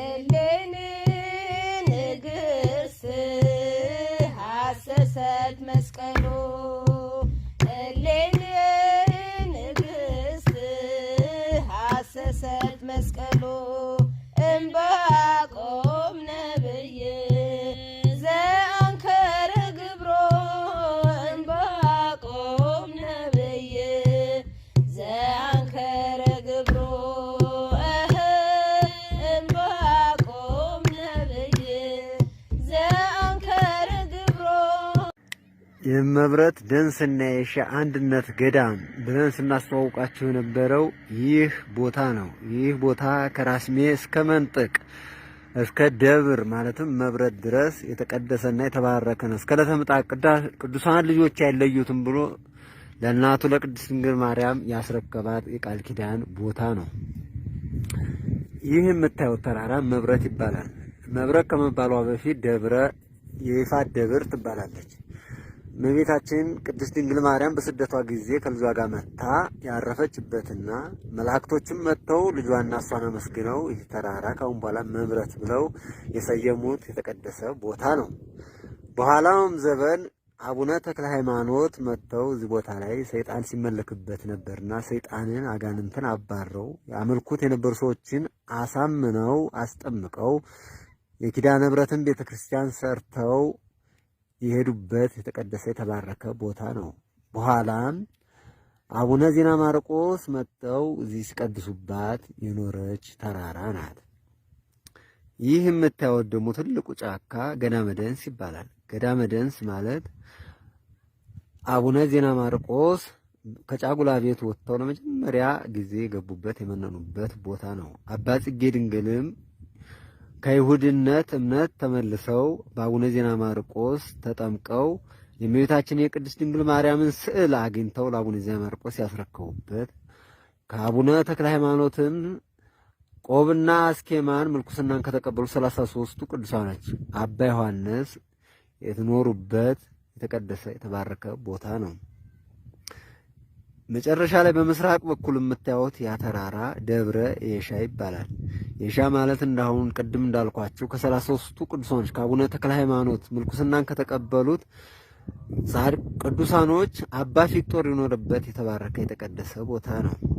እሌን ንግስ ሐሰሰት መስቀሉ የመብረት ደንስና የሻ አንድነት ገዳም ብለን ስናስተዋውቃችሁ የነበረው ይህ ቦታ ነው። ይህ ቦታ ከራስሜ እስከ መንጥቅ እስከ ደብር ማለትም መብረት ድረስ የተቀደሰና የተባረከ ነው። እስከ ለተምጣ ቅዱሳን ልጆች አይለዩትም ብሎ ለእናቱ ለቅድስት ድንግል ማርያም ያስረከባት የቃል ኪዳን ቦታ ነው። ይህ የምታዩት ተራራ መብረት ይባላል። መብረት ከመባሏ በፊት ደብረ የይፋት ደብር ትባላለች። እመቤታችን ቅድስት ድንግል ማርያም በስደቷ ጊዜ ከልጇ ጋር መታ ያረፈችበትና መላእክቶችም መጥተው ልጇና እሷን አመስግነው ይህ ተራራ ካሁን በኋላ መምረት ብለው የሰየሙት የተቀደሰ ቦታ ነው። በኋላውም ዘበን አቡነ ተክለ ሃይማኖት መጥተው እዚህ ቦታ ላይ ሰይጣን ሲመለክበት ነበርና ሰይጣንን አጋንንትን አባረው ያመልኩት የነበሩ ሰዎችን አሳምነው አስጠምቀው የኪዳነ ምሕረትን ቤተክርስቲያን ሰርተው የሄዱበት የተቀደሰ የተባረከ ቦታ ነው። በኋላም አቡነ ዜና ማርቆስ መጥተው እዚህ ሲቀድሱባት የኖረች ተራራ ናት። ይህ የምታዩት ደግሞ ትልቁ ጫካ ገዳመ ደንስ ይባላል። ገዳመ ደንስ ማለት አቡነ ዜና ማርቆስ ከጫጉላ ቤት ወጥተው ለመጀመሪያ ጊዜ የገቡበት የመነኑበት ቦታ ነው። አባ ጽጌ ድንግልም ከይሁድነት እምነት ተመልሰው በአቡነ ዜና ማርቆስ ተጠምቀው የእመቤታችን የቅድስት ድንግል ማርያምን ስዕል አግኝተው ለአቡነ ዜና ማርቆስ ያስረከቡበት ከአቡነ ተክለ ሃይማኖትን ቆብና አስኬማን ምልኩስናን ከተቀበሉ ሰላሳ ሶስቱ ቅዱሳኖች ናቸው። አባ ዮሐንስ የተኖሩበት የተቀደሰ የተባረከ ቦታ ነው። መጨረሻ ላይ በምስራቅ በኩል የምታዩት ያ ተራራ ደብረ የሻ ይባላል። የሻ ማለት እንዳሁን ቅድም እንዳልኳችሁ ከሰላሳ ሦስቱ ቅዱሳኖች ከአቡነ ተክለ ሃይማኖት ምልኩስናን ከተቀበሉት ጻድቅ ቅዱሳኖች አባ ቪክቶር ይኖርበት የተባረከ የተቀደሰ ቦታ ነው።